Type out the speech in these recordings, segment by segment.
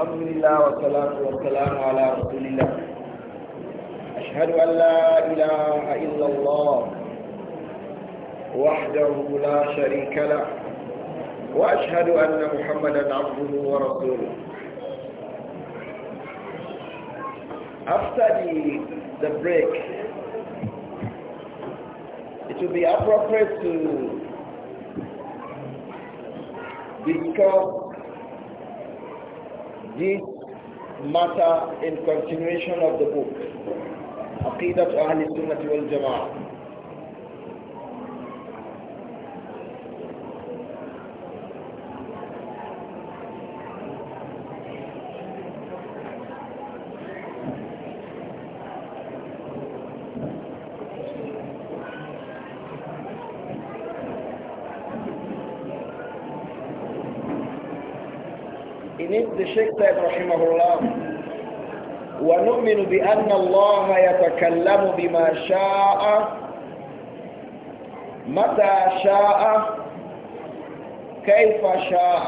الحمد لله والصلاة والسلام على رسول الله أشهد أن لا إله إلا الله وحده لا شريك له وأشهد أن محمدا عبده ورسوله After the, the break, it will be appropriate to discuss this matter in continuation of the book Aqidat Ahl Sunnah wal Jama'ah الشيخ طيب رحمه الله ونؤمن بأن الله يتكلم بما شاء متى شاء كيف شاء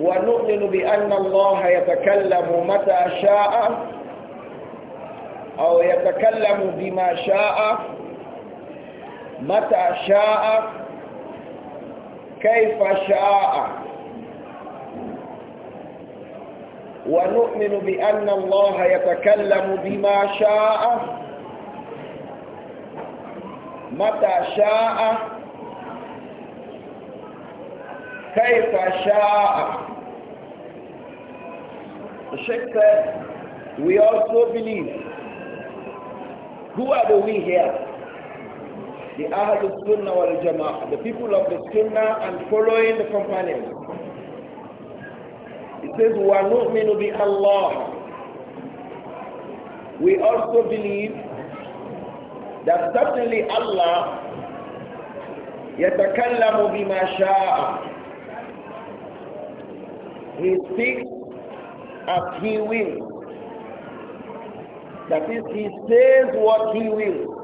ونؤمن بأن الله يتكلم متى شاء أو يتكلم بما شاء متى شاء كيف شاء ونؤمن بأن الله يتكلم بما شاء متى شاء كيف شاء الشيخ قال said, we also believe. Who are the we here? the Sunnah wal Jama'ah, the people of the Sunnah and following the companions. It says, وَنُؤْمِنُ Allah. We also believe that certainly Allah يَتَكَلَّمُ بِمَا He speaks as He will. That is, He says what He will.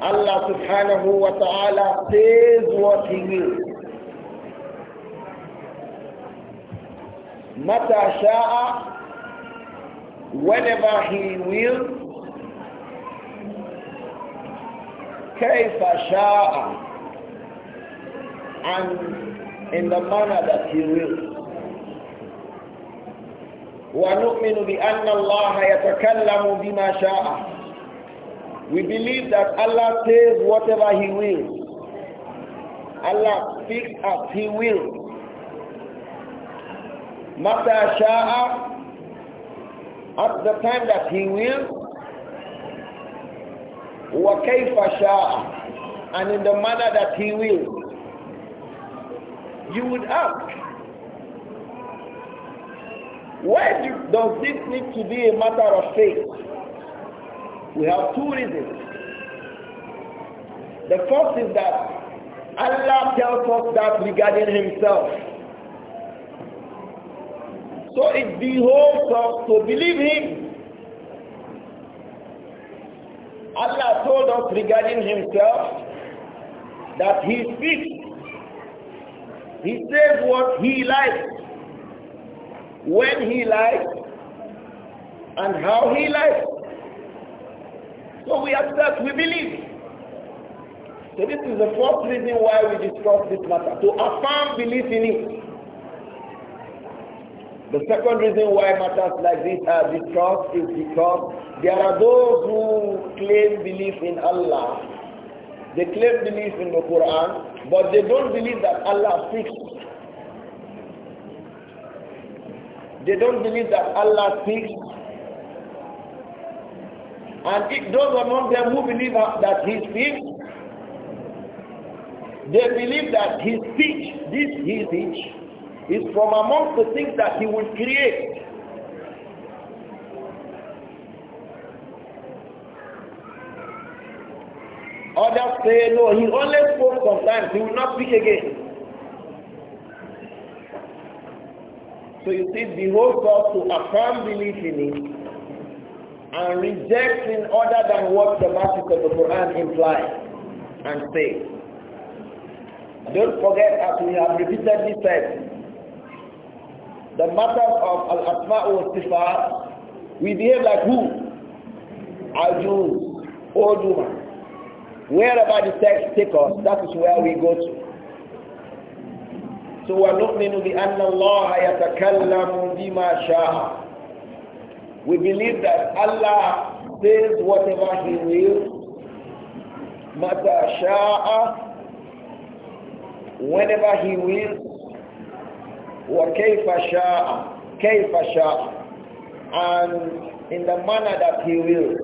Allah subhanahu wa ta'ala says what he will. Mata sha'a, whenever he will, كيف شاء and in the manner that he will. ونؤمن بأن الله يتكلم بما شاء We believe that Allah says whatever He wills. Allah speaks as He wills. Mata Sha'a, at the time that He wills, wa kayfa Sha'a, and in the manner that He wills. You would ask, why do, does this need to be a matter of faith? We have two reasons. The first is that Allah tells us that regarding Himself. So it behoves us to believe Him. Allah told us regarding Himself that He speaks. He says what He likes, when He likes, and how He likes. So we accept, we believe. So this is the fourth reason why we discuss this matter, to affirm belief in it. The second reason why matters like this are discussed is because there are those who claim belief in Allah. They claim belief in the Quran, but they don't believe that Allah speaks. They don't believe that Allah speaks and if those among them who believe that he speaks, they believe that his speech, this his speech, is from among the things that he will create. Others say, no, he only spoke sometimes, he will not speak again. So you see, behold, God to affirm belief in him and rejecting other than what the verses of the Quran imply and say. Don't forget, as we have repeatedly said, the matter of al-asma wa sifat, we behave like who? Our Jews, old woman. Wherever the text take us, that is where we go to. So we are not men to be. Allah نؤمن بأن we believe that Allah says whatever He wills, Mata whenever He wills, Wa Kaifa Sha'a, Kaifa and in the manner that He wills.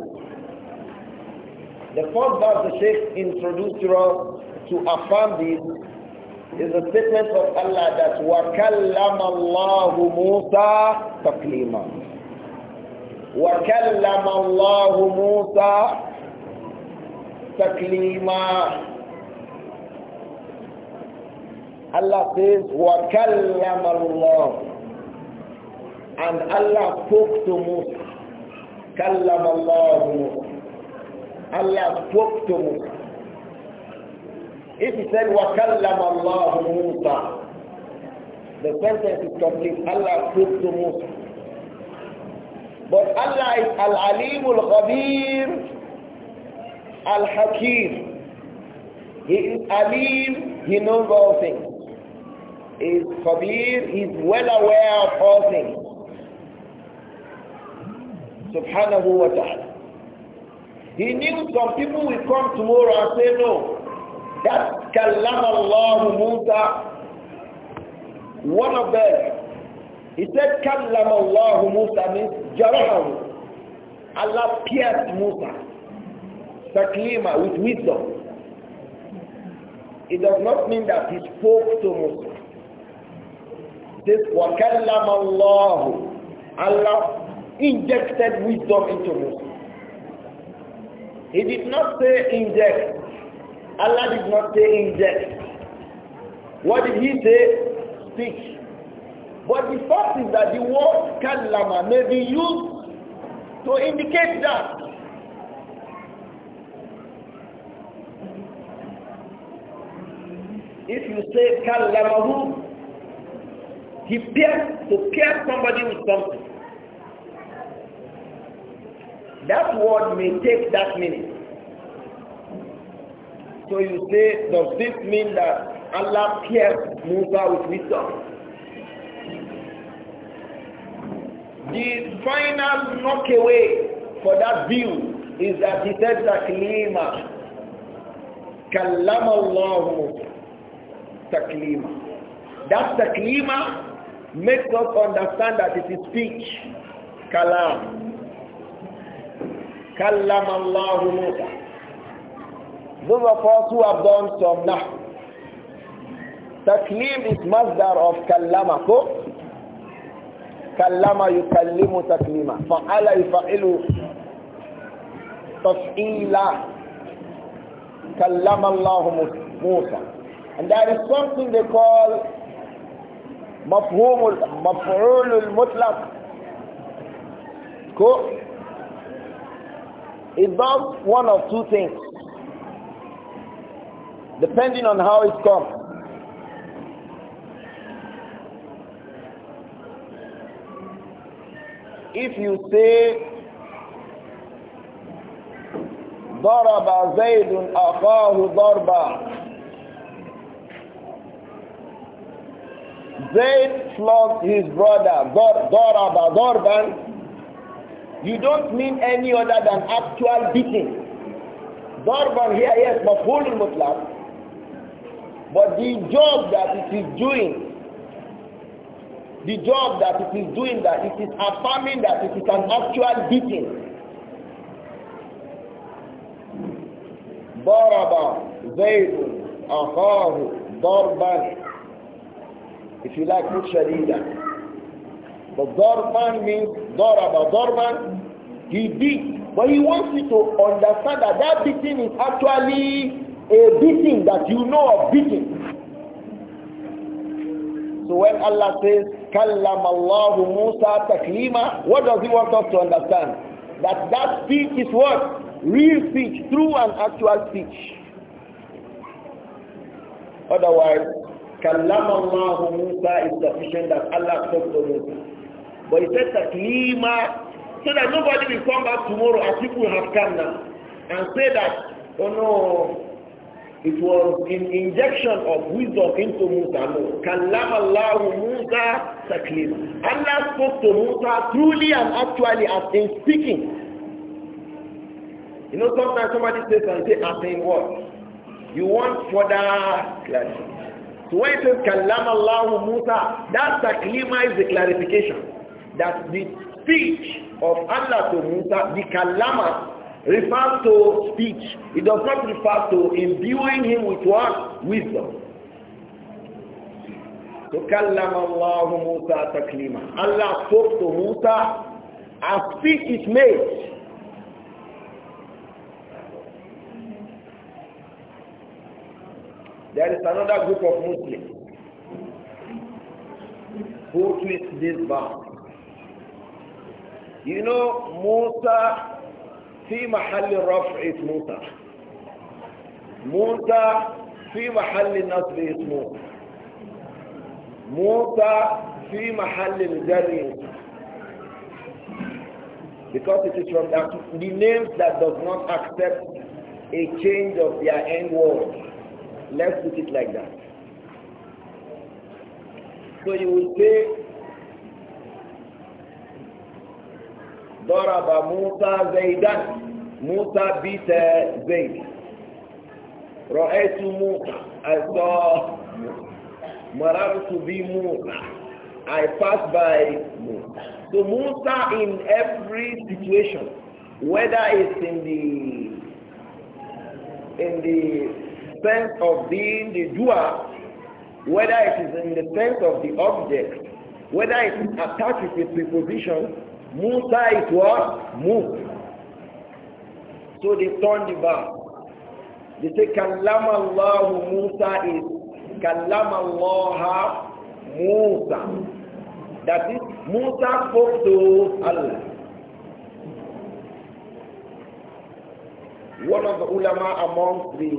The first verse the Sheikh introduced to us to affirm this is a statement of Allah that وَكَلَّمَ اللَّهُ مُوسَى تَكْلِيمًا وكلم الله موسى تكليما Allah says وكلم الله and Allah spoke to Musa كلم الله Musa Allah spoke to Musa if he said وكلم الله موسى the sentence is complete Allah spoke to Musa But Allah is Al-Alim Al-Khabir Al-Hakim. He is Alim, He knows all things. He is Khabir, He is well aware of all things. Subhanahu wa ta'ala. He knew some people will come tomorrow and say no. That's Kallam Allah Musa. One of them he said, "Kallama اللَّهُ مُوسَى means Allah pierced Musa. Saklima with wisdom. It does not mean that he spoke to Musa. This وَكَلَّمَ اللَّهُ Allah injected wisdom into Musa. He did not say inject. Allah did not say inject. What did he say? Speak. But the fact is that the word kalama may be used to indicate that. If you say kalamahu, he pierced to pierce somebody with something. That word may take that meaning. So you say, does this mean that Allah pierced Musa with wisdom? The final knockaway for that view is that he said taklima. Kallama Allah taklima. That taklima makes us understand that it is speech. Kalam. Kallama Allah Musa. Those of us who have done some now, Taklim is masdar of kallamako kallama yukallimu taklima fa'ala yafa'ilu tafila kalama Allah Musa and that is something they call mafhumul maf'ulul mutlaq ko It's about one of two things depending on how it comes if you say ضرب زيد أخاه ضربا Zaid flogged his brother ضرب ضربا You don't mean any other than actual beating ضربا here yes مفهول المطلق But the job that it is doing the job that it is doing that it is affirming that it is an actual beating ضرب زيد أخاه ضربا if you like put شديدا but ضربا means ضرب ضربا he beat but he wants you to understand that that beating is actually a beating that you know of beating so when Allah says kallama Allah Musa taklima. What does he want us to understand? That that speech is what? Real speech, true and actual speech. Otherwise, kallama Allah Musa is sufficient that Allah spoke to Musa. But he said taklima so that nobody will come back tomorrow as people have come now and say that, oh no, it was an injection of wisdom into Musa. No. Kallama Allahu Musa taklim. Allah spoke to Musa truly and actually as in speaking. You know, sometimes somebody says and say, as in what? You want further clarity. So when it says Kallama Allahu Musa, that taklima is the clarification. That the speech of Allah to Musa, the kalama, refers to speech. It does not refer to imbuing him with what? Wisdom. تكلم الله موسى تكليما Allah spoke to Musa as speech is made There is another group of Muslims who twist this verse. You know, Musa في محل الرفع موسى موسى في محل النصب اسمه موسى في محل الجر because it is from that, the names that does not accept a change of their end word let's put it like that so you will say ضرب موسى زيدا موسى beat زيد رأيت موسى I saw مررت بموسى I passed by Musa. So Musa in every situation, whether it's in the in the sense of being the doer, whether it is in the sense of the object, whether it is attached with a preposition, Musa is what? Moved. So they turned the back. They say, Kallama Allah Musa is Kallama Allah Musa. That is, Musa spoke to Allah. One of the ulama amongst the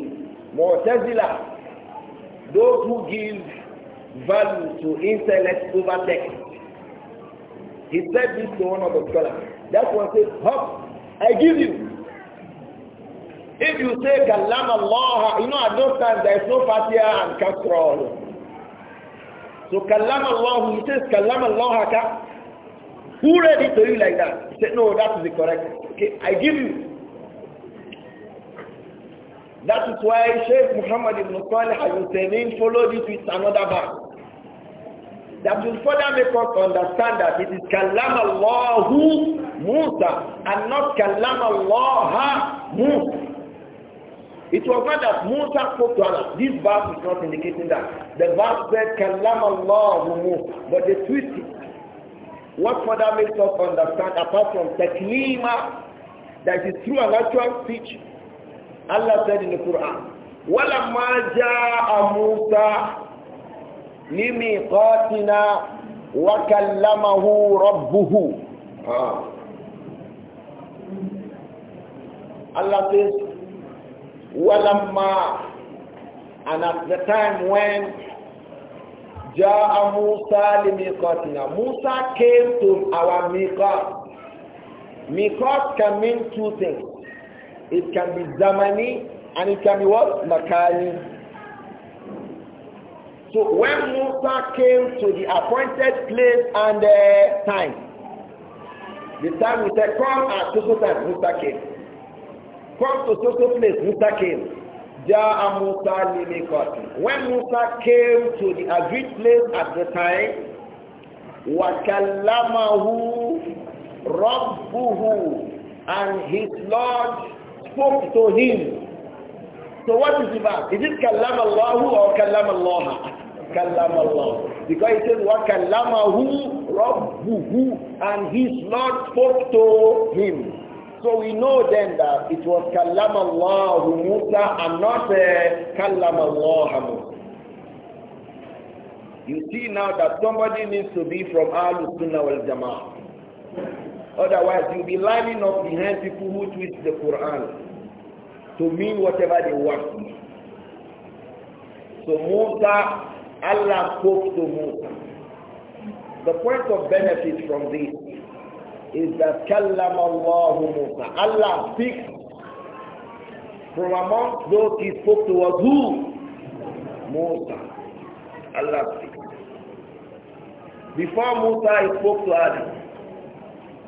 Mu'tazila, those who give value to intellect over text, he said this to one of the scholars. That one says, Hop, I give you. If you say Kalam Allah, you know at those times there is no Fatiha and Kasra. So Kalam Allah, he says Kalam Allah ka. Who read it to you like that? He said, no, that is the correct. Okay, I give you. That is why Sheikh Muhammad ibn Salih al-Husaynin followed it with another verse that will further make us understand that it is kalam Allahu Musa and not kalam Allah Musa. It was not that Musa spoke to Allah. This verse is not indicating that. The verse said kalam Allahu Musa, but they twist What further makes us understand apart from taklima that is through an actual speech? Allah said in the Quran, وَلَمَّا جَاءَ مُوسَى لميقاتنا وكلمه ربه آه. Allah says, وَلَمَّا And at the time when جَاءَ مُوسَى لِمِيقَاتِنَا Musa came to our miqat. Miqat can mean two things. It can be zamani and it can be what? Makani. So when Musa came to the appointed place and uh, time, the time we said, come at so time, Musa came. Come to so place, Musa came. Ja'a Musa When Musa came to the agreed place at the time, وَكَلَّمَهُ رَبُّهُ And his Lord spoke to him. So what is the verb? Is it kalama Allahu or kalama Allah? كلم Allah, because it says وَكَلَّمَهُ رَبُّهُ and his Lord spoke to him so we know then that it was كلم who موسى and not uh, كلم الله you see now that somebody needs to be from al Sunnah wal Jama'ah otherwise you'll be lining up behind people who twist the Quran to mean whatever they want. So Musa Allah spoke to Musa. The point of benefit from this is that كَلَّمَ اللَّهُ مُوسَى Allah speaks from among those he spoke to was who? Musa. Allah speaks. Before Musa he spoke to Adam.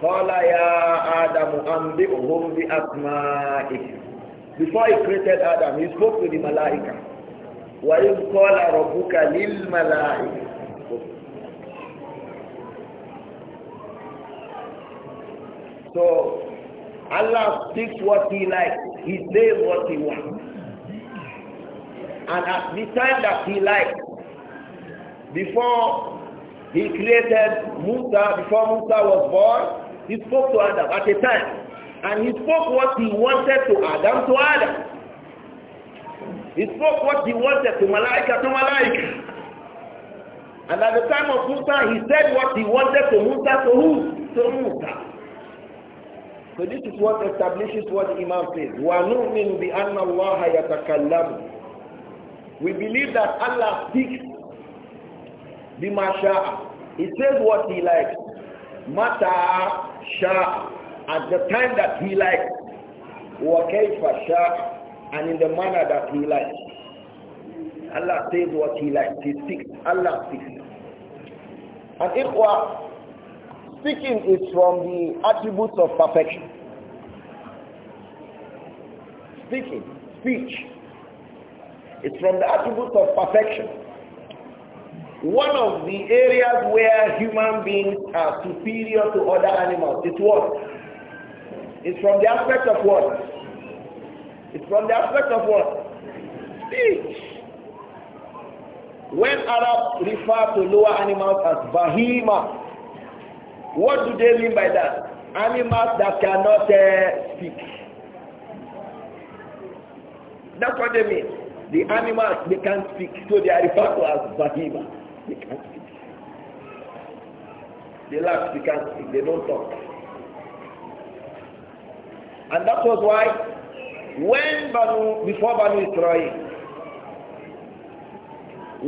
قال يا آدم أنبئهم بأسمائهم Before he created Adam, he spoke to the Malaika. wàyí kọ́lá rọ̀bùkà lílmàlà so Allah speaks what he likes he says what he wants and at the time that he likes before he created Musa before Musa was born he spoke to Adam at a time and he spoke what he wanted to Adam to Adam He spoke what he wanted to Malaika to Malaika. And at the time of Musa, he said what he wanted to Musa to who? To Musa. So this is what establishes what Imam says. وَنُؤْمِنُ بِأَنَّ اللَّهَ يَتَكَلَّمُ We believe that Allah speaks بِمَا He says what he likes. mata شَاءَ At the time that he likes. وَكَيْفَ شَاءَ and in the manner that He likes. Allah says what He likes. He speaks. Allah speaks. And ikhwa, speaking is from the attributes of perfection. Speaking, speech, it's from the attributes of perfection. One of the areas where human beings are superior to other animals is what? It's from the aspect of what? It's from the aspect of what? Speech. When Arabs refer to lower animals as bahima, what do they mean by that? Animals that cannot uh, speak. That's what they mean. The animals, they can't speak, so they are referred to as bahima. They can't speak. They laugh, they can't speak, they don't talk. And that was why when Banu, before Banu Israel,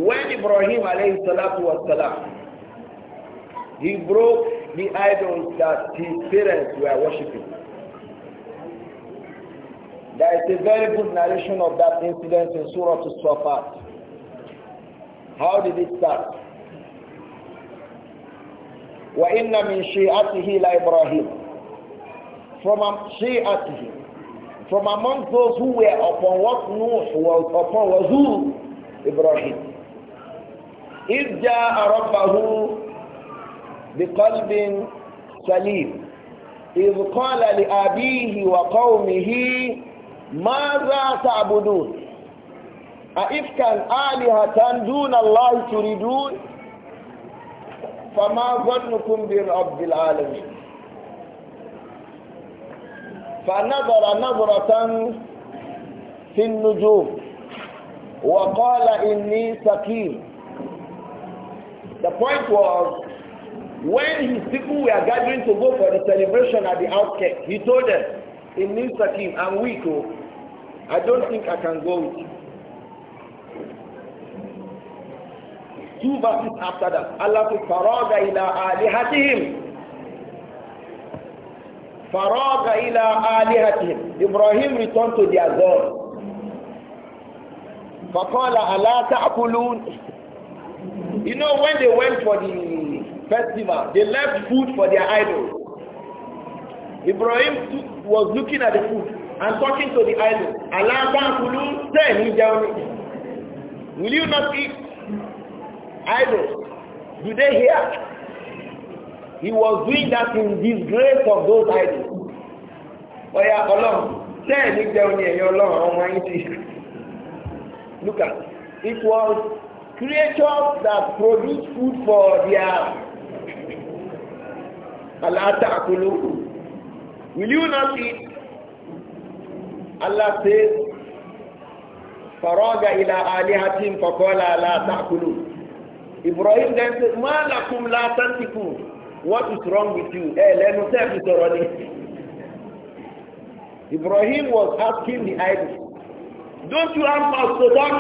when Ibrahim alayhi salatu was salam, he broke the idols that his parents were worshipping. There is a very good narration of that incident in Surah Al-Safat. How did it start? وَإِنَّ مِنْ شِيعَتِهِ Ibrahim From shi'atihi from among those who were upon what was upon was who Ibrahim. If Ja'a Rabbahu biqalbin salim, he father إذ قال لأبيه وقومه do, تعبدون أئفكا آلهة دون الله تريدون فما ظنكم برب العالمين فنظر نظرة في النجوم وقال إني The point was when his people were gathering to go for the celebration at the outskirts, he told them, in New Sakim, I'm weak, oh. I don't think I can go with you. Two verses after that, Allah said, فَرَاغَ إِلَىٰ آلِهَتِهِمْ Faraga ila alihatihim. Ibrahim returned to their God. Faqala ala ta'kulun. You know when they went for the festival, they left food for their idols. Ibrahim was looking at the food and talking to the idol. Allah ta'kulun, say he down. Will you not eat? Idols, do they hear? He was doing that in disgrace of those idols. Ọ̀yà oh, ọlọ́run tẹ́ẹ̀ ní jẹun ní ẹ̀yìn ọlọ́run ọmọ yín ti. Look at it. It was creatures that produce food for their alata akulu. Will you not eat? Allah says, "Faraga إلى alihatin فقال alata تأكلوا. Ibrahim then said, "Ma lakum la تنطقون what is wrong with you ẹ eh, lẹ́nu sẹ́ẹ̀fì sọ̀rọ̀ ni Ibrahim was asking the idol don't you have mouth to talk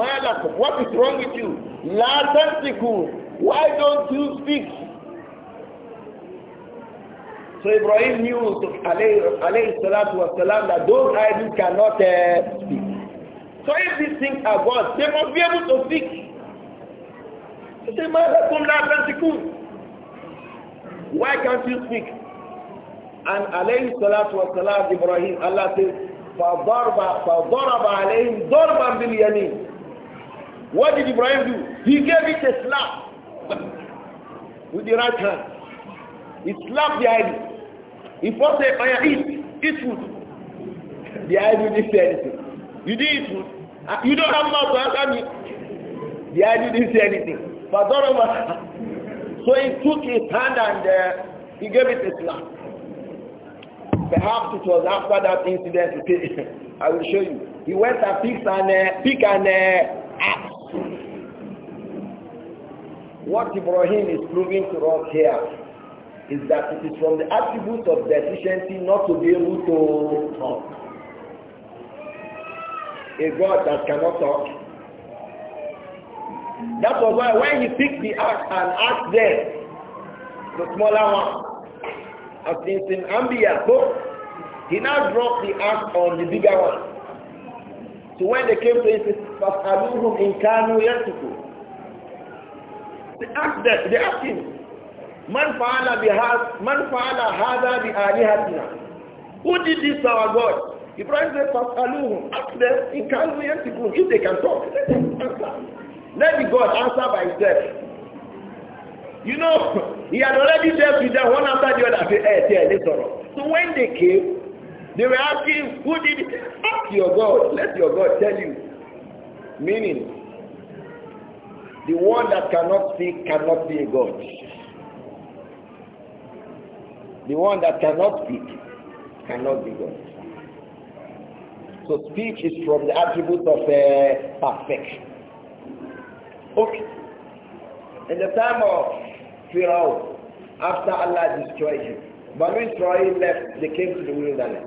malak what is wrong with you la why don't you speak so Ibrahim knew to alayhi salatu was that those idols cannot uh, speak so if these things are God they must be able to speak. They say, Malakum la why can't you speak? And alayhi salatu wa Ibrahim, Allah says, فَضَرَبَ عَلَيْهِمْ ضَرْبًا بِالْيَمِينِ What did Ibrahim do? He gave it a slap with the right hand. He slapped the idol. He first the Oya, eat, eat food. The idol didn't say anything. You didn't eat food. You don't have mouth to answer me. The idol didn't say anything. فَضَرَبَ so he took his hand and uh, he gave it a slap. Perhaps it was after that incident. I will show you. He went and picked an uh, pick an uh, axe. What Ibrahim is proving to us here is that it is from the attribute of deficiency not to be able to talk. A God that cannot talk that was why when he picked the axe and asked them, the smaller one, as in St. Ambia, so he now dropped the axe on the bigger one. So when they came to him, فَاسْأَلُوهُمْ إِنْ They asked them, they asked him, Man fa'ala bihaz, man fa'ala hadha bi Who did this to our God? them said, فَاسْأَلُوهُمْ Ask them, in كَانُوا يَنْتِقُونَ If they can talk, let them answer. Let the God answer by himself. You know, he had already dealt with them one after the other. Say, hey, eh, So when they came, they were asking, who did it? Ask your God. Let your God tell you. Meaning, the one that cannot speak cannot be a God. The one that cannot speak cannot be God. So speech is from the attribute of uh, perfection. In the time of Pharaoh, after Allah destroyed him, Banu Israel left, they came to the wilderness.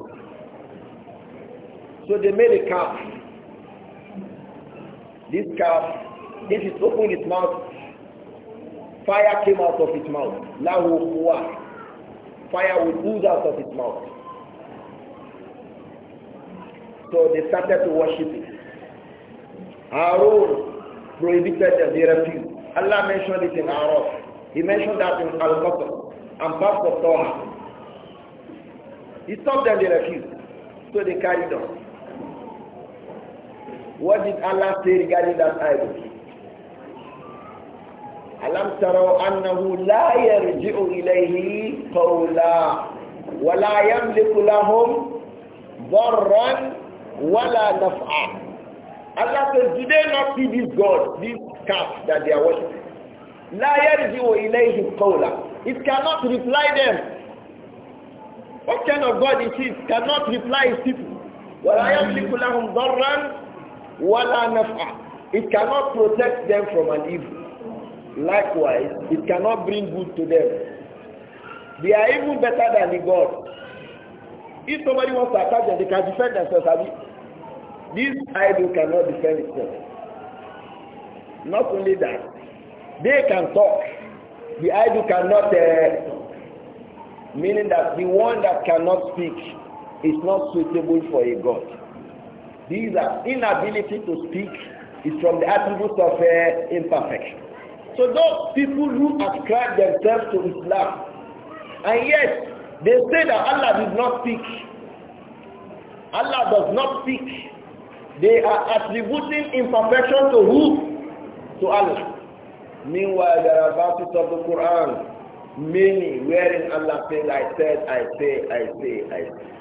So they made a calf. This calf, this is opened its mouth. Fire came out of its mouth. Lahu huwa. Fire would ooze out of its mouth. So they started to worship it. Harun prohibited and they refused. Allah mentioned it in Araf. He mentioned that in Al-Qasr and parts of Torah. He stopped them, they refused. So they carried on. What did Allah say regarding that idol? ألم تروا أنه لا يرجع إليه قولا ولا يملك لهم ضرا ولا نفعا Allah says, do they not see this God, this calf that they are worshiping? La yarji'u ilayhi qawla. It cannot reply them. What kind of God is it? Cannot reply his people. وَلَا يَمْلِكُ لَهُمْ ضَرًّا وَلَا نَفْعًا It cannot protect them from an evil. Likewise, it cannot bring good to them. They are even better than the God. If somebody wants to attack them, they can defend themselves. This idol cannot defend itself. Not only that, they can talk. The idol cannot, uh, meaning that the one that cannot speak is not suitable for a god. These are inability to speak is from the attributes of uh, imperfection. So those people who ascribe themselves to Islam, and yet they say that Allah does not speak. Allah does not speak. They are attributing imperfection to who? To Allah. Meanwhile, there are verses of the Quran, many wherein Allah says, I said, I say, I say, I say.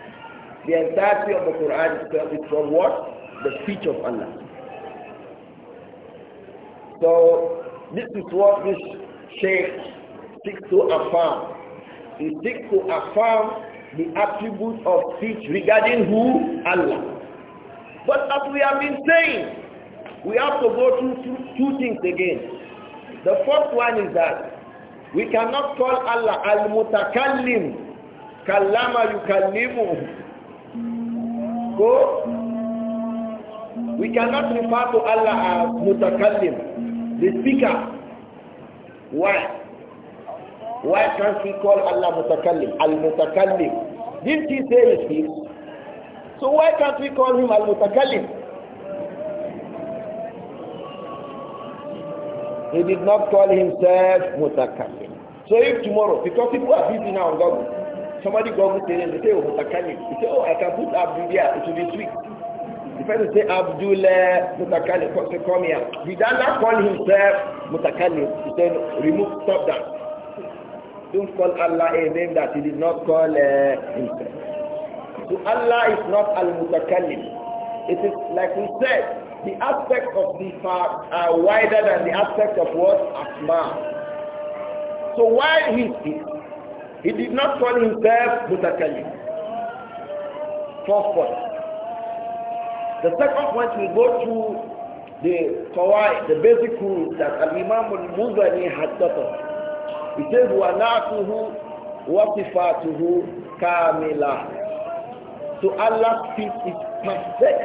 The entirety of the Quran itself is from what? The speech of Allah. So this is what this Sheikh seeks to affirm. He seeks to affirm the attribute of speech regarding who? Allah. But as we have been saying, we have to go through two, two things again. The first one is that we cannot call Allah al-mutakallim. Kallama yukallimu. Go. We cannot refer to Allah as mutakallim, the speaker. Why? Why can't we call Allah mutakallim? Al-mutakallim. Didn't he say he so why can't we call him Al-Mutakallim? He did not call himself Mutakallim. So if tomorrow, because people are busy now on Google, somebody Google saying, they say, oh, Mutakallim. They say, oh, I can put Abdul there, it will be sweet. The person say, Abdul uh, Mutakallim, say, come here. He did not call himself Mutakallim. He said, remove, stop that. Don't call Allah a name that he did not call uh, himself to Allah is not al-mutakallim. It is like we said, the aspects of the fact are uh, wider than the aspects of what? Asma. So why he speaks? He did not call himself mutakallim. First point. The second point we go to the qawaid, the basic rules that Al-Imam Al-Muzani had taught us. He says, وَنَعْتُهُ وَصِفَاتُهُ كَامِلَةً to Allah feet is perfect.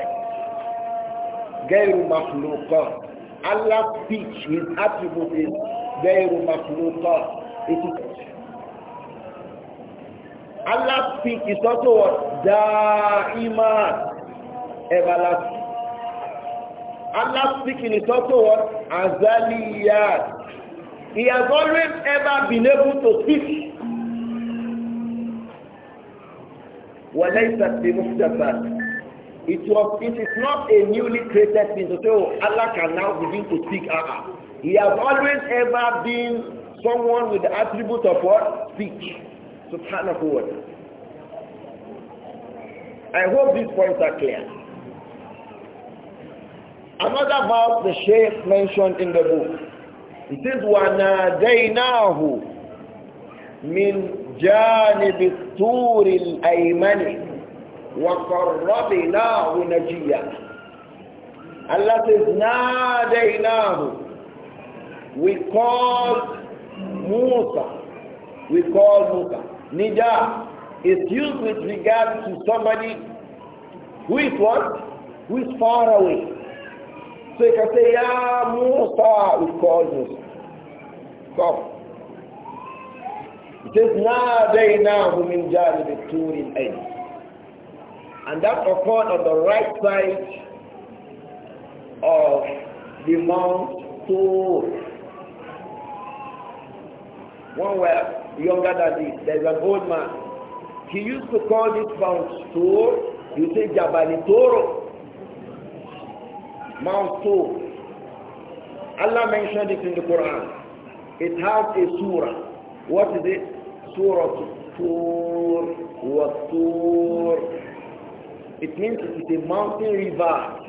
Gairu makhluqa. Allah speech, his attribute is Gairu makhluqa. It is Allah speech is also what? Da'ima. Everlasting. Allah speaking is also what? Azaliyat. He has always ever been able to speak. وليست بمحدثات it was it is not a newly created thing so oh, allah can now begin to speak ah he has always ever been someone with the attribute of what speech So of word i hope these points are clear another about the sheikh mentioned in the book it says وَنَادَيْنَاهُ مِنْ جانب الطور الأيمن وقربناه نجيا التي ناديناه we call Musa we call Musa Nija is used with regard to somebody who is what? Who is far away. So you can say, Ya Musa, we call Musa. Come. It now نَادَيْنَاهُ مِنْ جَانِبِ الطُّورِ الْأَيْنِ And that occurred on the right side of the Mount Tur. One were younger than this. There's an old man. He used to call this Mount Tur, you say Jabali Toro. Mount Tur. Allah mentioned it in the Quran. It has a surah. What is it? Surah Tur Watur. It means it is a mountain river.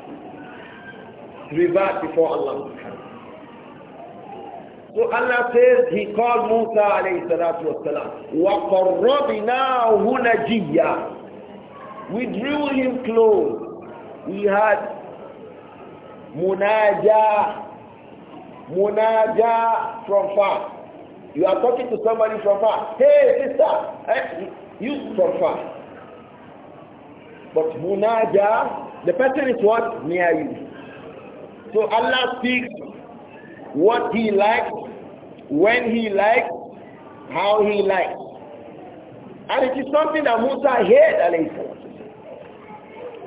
River before Allah So Allah says he called Musa alayhi salatu wasalam. وَقَرَّبِنَاهُ نَجِيًّا We drew him close. We had munaja, munaja from far. You are talking to somebody from far. Hey, sister, eh, you from far. But munaja, the person is what? Near you. So Allah speaks what He likes, when He likes, how He likes. And it is something that Musa heard, alayhi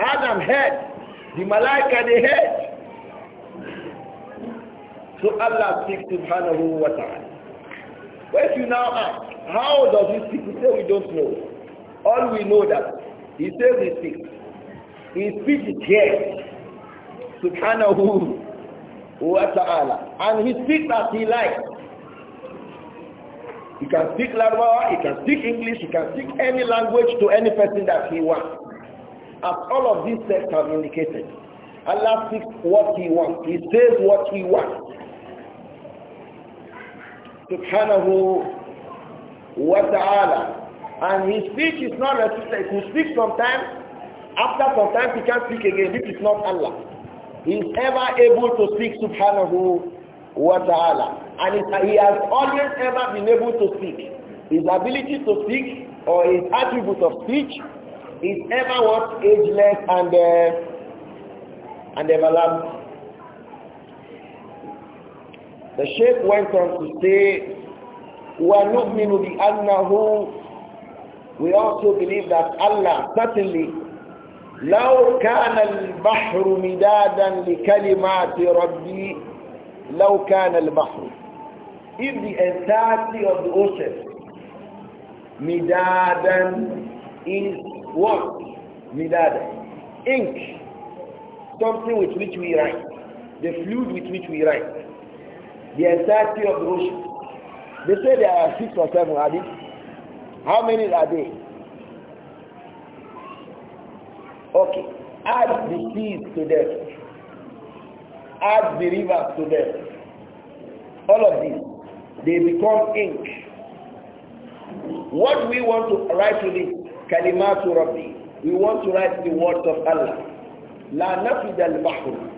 Adam heard. The Malaika, they heard. So Allah speaks subhanahu wa ta'ala. But if you now ask, how does he speak? We say we don't know. All we know that he says he speaks. He speaks is here. Subhanahu wa ta'ala. And he speaks as he likes. He can speak Larabawa, he can speak English, he can speak any language to any person that he wants. As all of these texts have indicated, Allah speaks what he wants. He says what he wants subhanahu wa ta'ala. And his speech is not restricted. He speaks sometimes, after sometimes, he can't speak again. This is not Allah. He is ever able to speak subhanahu wa ta'ala. And he has always ever been able to speak. His ability to speak or his attribute of speech is ever what ageless and, uh, and everlasting. The Sheikh went on to say, وَنُؤْمِنُ We also believe that Allah certainly لو كان البحر مدادا لكلمات ربي لو كان البحر if the entirety of the ocean midadan is what midadan ink something with which we write the fluid with which we write the entirety of Rosh. They say there are six or seven, are they? How many are they? Okay. Add the seas to them. Add the rivers to them. All of these, they become ink. What we want to write to this, Kalimatu Rabbi, we want to write the words of Allah. La nafid al-bahr.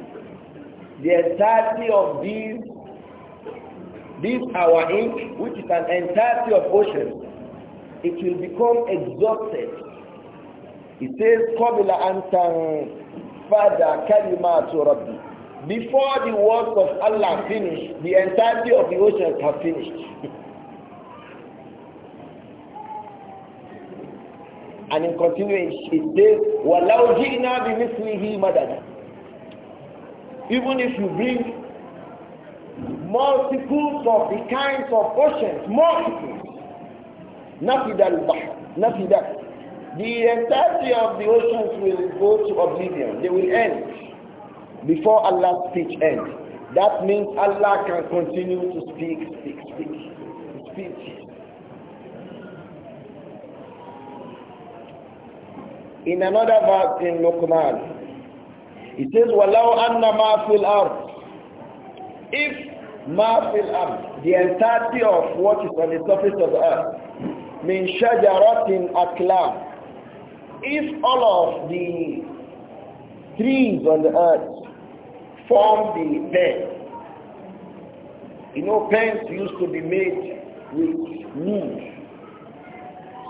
The entirety of these this our ink, which is an entirety of ocean, it will become exhausted. It says, Qabila antan father kalimatu rabbi. Before the words of Allah finish, the entirety of the oceans have finished. and in continuing it says walau jina madad even if you bring multiples of the kinds of oceans, multiples. Nafida al-Bahr, The entirety of the oceans will go to oblivion. They will end before Allah's speech ends. That means Allah can continue to speak, speak, speak, speak. In another verse in Luqman, it says, وَلَوْ أَنَّ مَا فِي الْأَرْضِ If Ma'fil Am, the entirety of what is on the surface of the earth. Min Shajaratin Aklam. If all of the trees on the earth form the pen, you know pens used to be made with wood.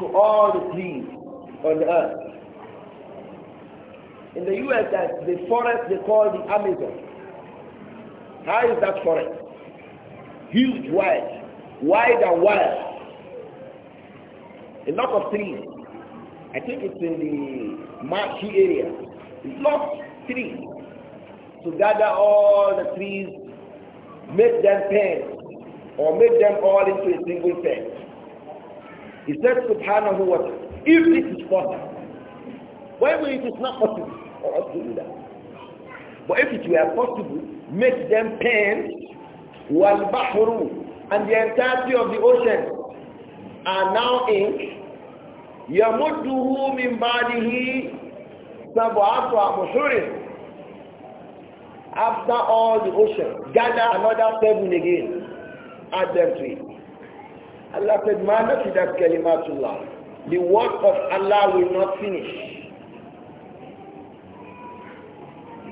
So all the trees on the earth. In the US, the forest they call the Amazon. How is that forest? huge, wide, wide and wide. A lot of trees. I think it's in the marshy area. Lot trees. To gather all the trees, make them pens, or make them all into a single pen. He said, Subhanahu wa ta'ala, if it is possible, why it is not possible for us to do that? But if it were possible, make them pens wal bahru and the entirety of the ocean are now in yamudduhu min ba'dihi sab'atu abshurin after all the ocean gather another seven again add them to it Allah said ma nafidat kalimatullah the work of Allah will not finish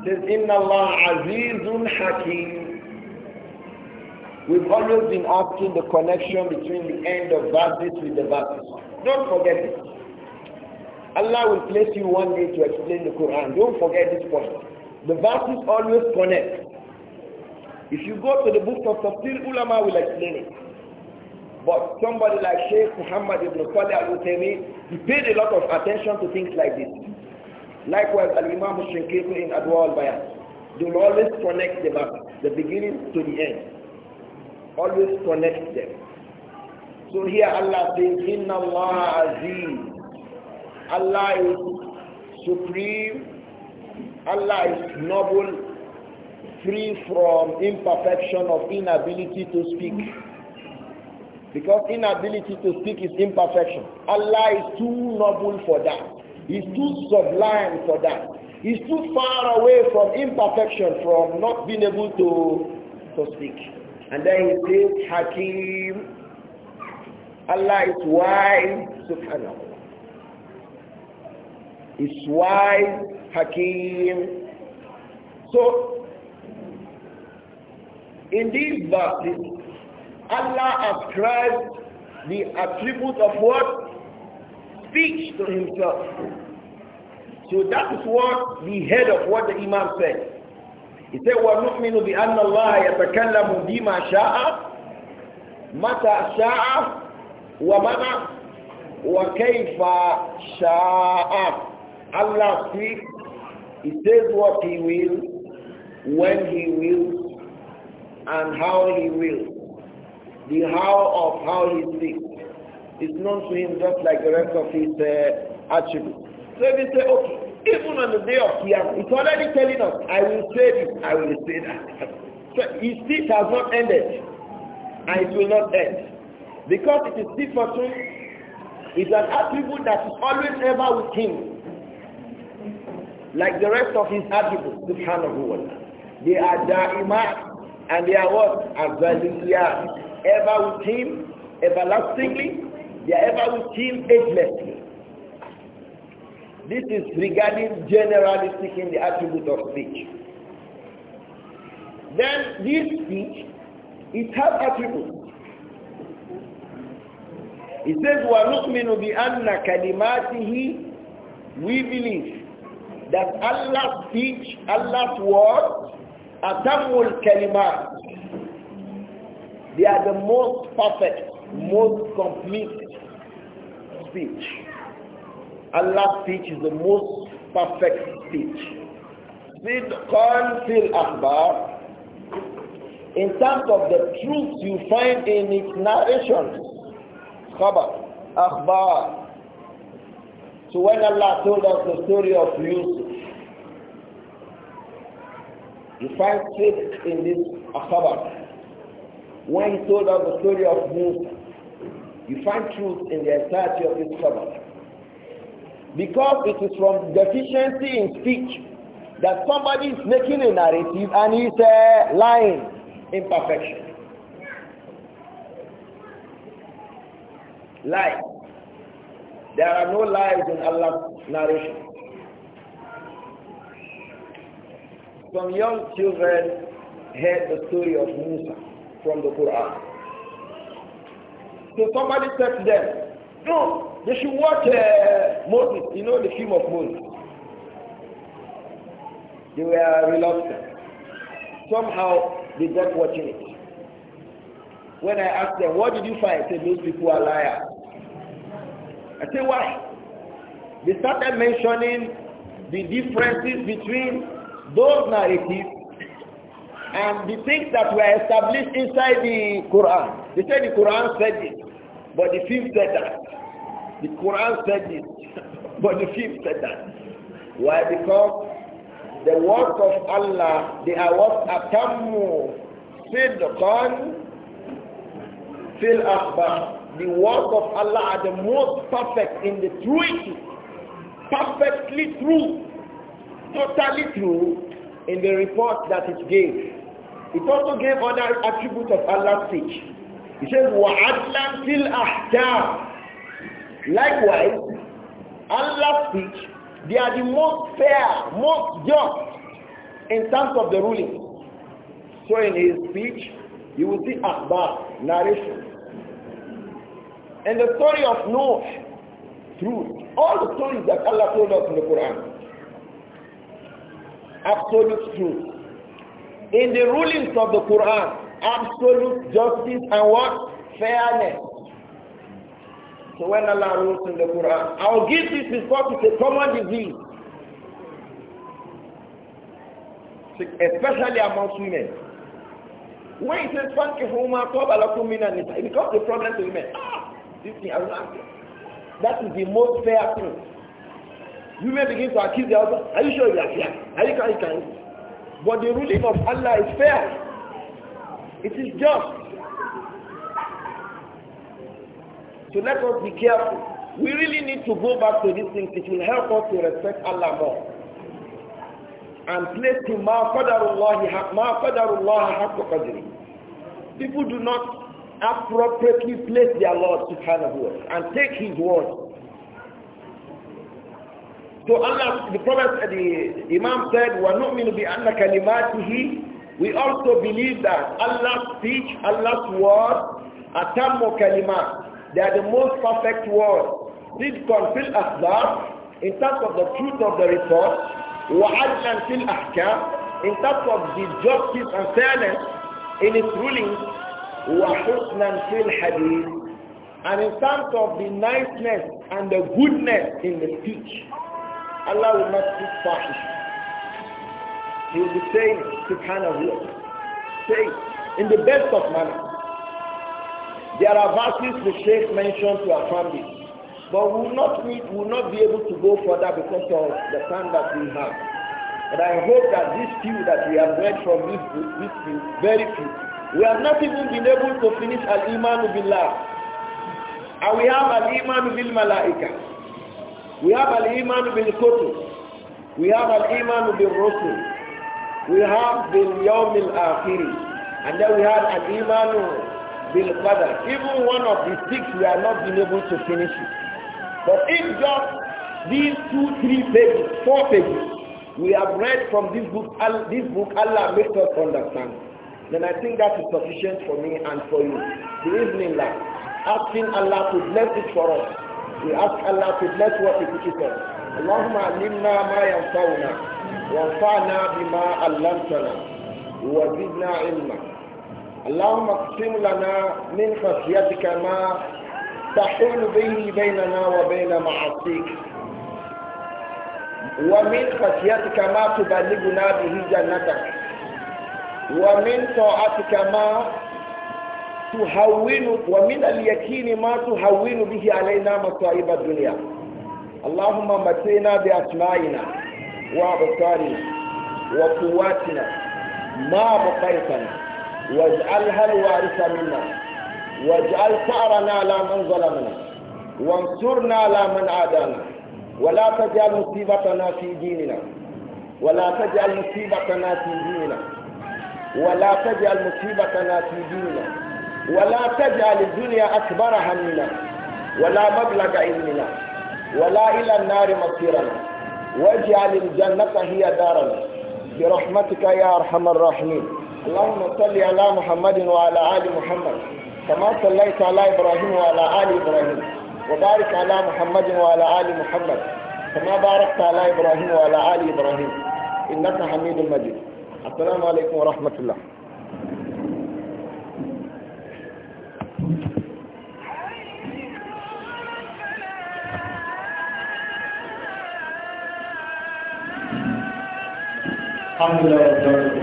says, Inna Allah Azizun Hakim. We've always been asking the connection between the end of verses with the verses. Don't forget it. Allah will place you one day to explain the Quran. Don't forget this point. The verses always connect. If you go to the book of Tafsir, ulama will explain it. But somebody like Sheikh Muhammad ibn Salih al Utami, he paid a lot of attention to things like this. Likewise, Al-Imam al in Adwa al They will always connect the verses, the beginning to the end always connect them. So here Allah says, Inna Allah Aziz. Allah is supreme. Allah is noble, free from imperfection of inability to speak. Because inability to speak is imperfection. Allah is too noble for that. He's too sublime for that. He's too far away from imperfection, from not being able to, to speak. And then he says, Hakim, Allah is wise, subhanahu. He's wise, Hakim. So, in these verses, Allah ascribes the attribute of what? Speech to himself. So that is what the head of what the Imam said. He said, وَنُؤْمِنُ بِأَنَّ اللَّهَ يَتَكَلَّمُ بِمَا شَاءَ مَتَى شَاءَ وَمَنَا وَكَيْفَ شَاءَ Allah speaks, He says what He will, when He will, and how He will. The how of how He speaks is known to Him just like the rest of His uh, attributes. So we say, okay, even on the day of Qiyamah, it's already telling us, I will say this, I will say that. So his speech has not ended, and it will not end. Because it is different, it's an attribute that is always ever with him. Like the rest of his attributes, subhanahu of ta'ala. They are da'imat, and they are what? Azaliyah. Ever with him, everlastingly, they are ever with him eternally. This is regarding generally speaking the attribute of speech. Then this speech, it has attributes. It says, وَنُؤْمِنُ بِأَنَّ كَلِمَاتِهِ We believe that Allah's speech, Allah's words, أَتَمُّ الْكَلِمَاتِ They are the most perfect, most complete speech. Allah's speech is the most perfect speech. Sidqan fil akhbar. In terms of the truth you find in its narrations, khabar, akhbar. So when Allah told us the story of Yusuf, you find truth in this akhbar. When he told us the story of Musa, you find truth in the entirety of this khabar. Because it is from deficiency in speech that somebody is making a narrative and he's uh, lying. Imperfection. Lie. There are no lies in Allah's narration. Some young children heard the story of Musa from the Quran. So somebody said to them, no, they should watch uh, Moses, you know the film of Moses. They were reluctant. Somehow they got watching it. When I asked them, what did you find? They said, those people are liars. I said, why? They started mentioning the differences between those narratives and the things that were established inside the Quran. They said the Quran said it, but the film said that. The Quran said this, but the fifth said that. Why? Because the work of Allah, they are what atammu sidqan fil akhbar. The work of Allah are the most perfect in the truth, perfectly true, totally true in the report that it gave. It also gave other attributes of Allah's speech. He says, وَعَدْلًا فِي الْأَحْكَامِ Likewise, Allah's speech, they are the most fair, most just in terms of the ruling. So in his speech, you will see Akbar, narration. And the story of Noah, truth. All the stories that Allah told us in the Quran, absolute truth. In the rulings of the Quran, absolute justice and what? Fairness. So when Allah rules in the Quran, I will give this report to a common disease. Especially amongst women. When it says, فَانْكِحُومَا طَوْبَ لَكُمْ It becomes a problem to women. Ah, this thing, I will not answer. That is the most fair thing. Women begin to accuse the other. Are you sure you are fair? Are you sure you can? But the ruling of Allah is fair. It is just. So let us be careful. We really need to go back to these things. It will help us to respect Allah more. And place him ma qadarullahi ma haqqa qadri. People do not appropriately place their Lord of wa and take his word. So Allah, the Prophet, uh, the Imam said, وَنُؤْمِنُ بِأَنَّ كَلِمَاتِهِ We also believe that Allah's speech, Allah's word, أَتَمُّ كَلِمَاتِ they are the most perfect words. Sidqan fil asbab, in terms of the truth of the report, wa'adlan fil ahkam, in terms of the justice and fairness in its rulings, wa'husnan fil hadith, and in terms of the niceness and the goodness in the speech. Allah will not speak fahish. He will be saying, subhanallah, say in the best of manners. There are verses the Sheikh mentioned to our family, But we will not, we will not be able to go further because of the time that we have. And I hope that this few that we have read from this book, this few, very few, we have not even been able to finish Al-Iman Billah. And we have Al-Iman Bil Malaika. We have Al-Iman Bil Kutub. We have Al-Iman Bil Rusul. We have Bil Yawm akhiri And then we have Al-Iman bil Even one of the six, we are not been able to finish it. But if just these two, three pages, four pages, we have read from this book, this book Allah makes us understand, then I think that is sufficient for me and for you. The evening light, asking Allah to bless it for us. We ask Allah to bless what we teaches us. اللهم علمنا ما ينفعنا وانفعنا بما علمتنا وزدنا علما اللهم اقسم لنا من خشيتك ما تحول به بيننا وبين معصيك ومن خشيتك ما تبلغنا به جنتك ومن طاعتك ما تهون ومن اليقين ما تهون به علينا مصائب الدنيا اللهم متينا بأسمائنا وأبصارنا وقواتنا ما بقيتنا واجعلها الوارث منا واجعل ثأرنا على من ظلمنا وانصرنا على من عادانا ولا تجعل مصيبتنا في ديننا ولا تجعل مصيبتنا في ديننا ولا تجعل مصيبتنا في ديننا ولا تجعل الدنيا أكبر همنا ولا مبلغ علمنا ولا إلى النار مصيرنا واجعل الجنة هي دارنا برحمتك يا أرحم الراحمين اللهم صل على محمد وعلى آل محمد كما صليت على إبراهيم وعلى آل إبراهيم وبارك على محمد وعلى آل محمد كما باركت على إبراهيم وعلى آل إبراهيم إنك حميد مجيد السلام عليكم ورحمة الله Alhamdulillah,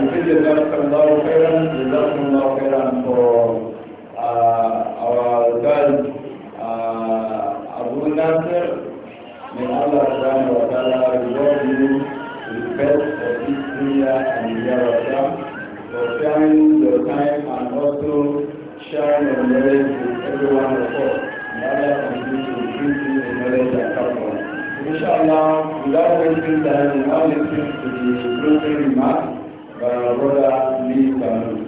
We give you thanks for Allah khairan, khairan for uh, our guide uh, ah, Abu May Allah subhanahu wa ta'ala reward you with the best of this year and the year of Islam for sharing your time and also sharing your knowledge with everyone of us. May Allah continue to increase your knowledge and إن شاء الله without wasting time, now let's get to the closing remarks by Brother Lee Kalu.